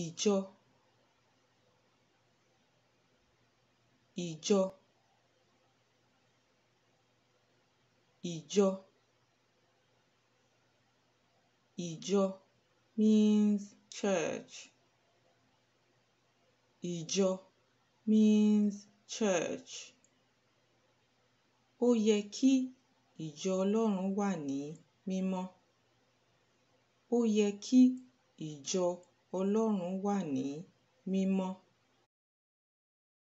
ìjọ ìjọ ìjọ ìjọ means church ìjọ means church ó yẹ kí ìjọ Ọlọ́run wà ní mímọ́ ó yẹ kí ìjọ Ọlọ́run wà ní mímọ́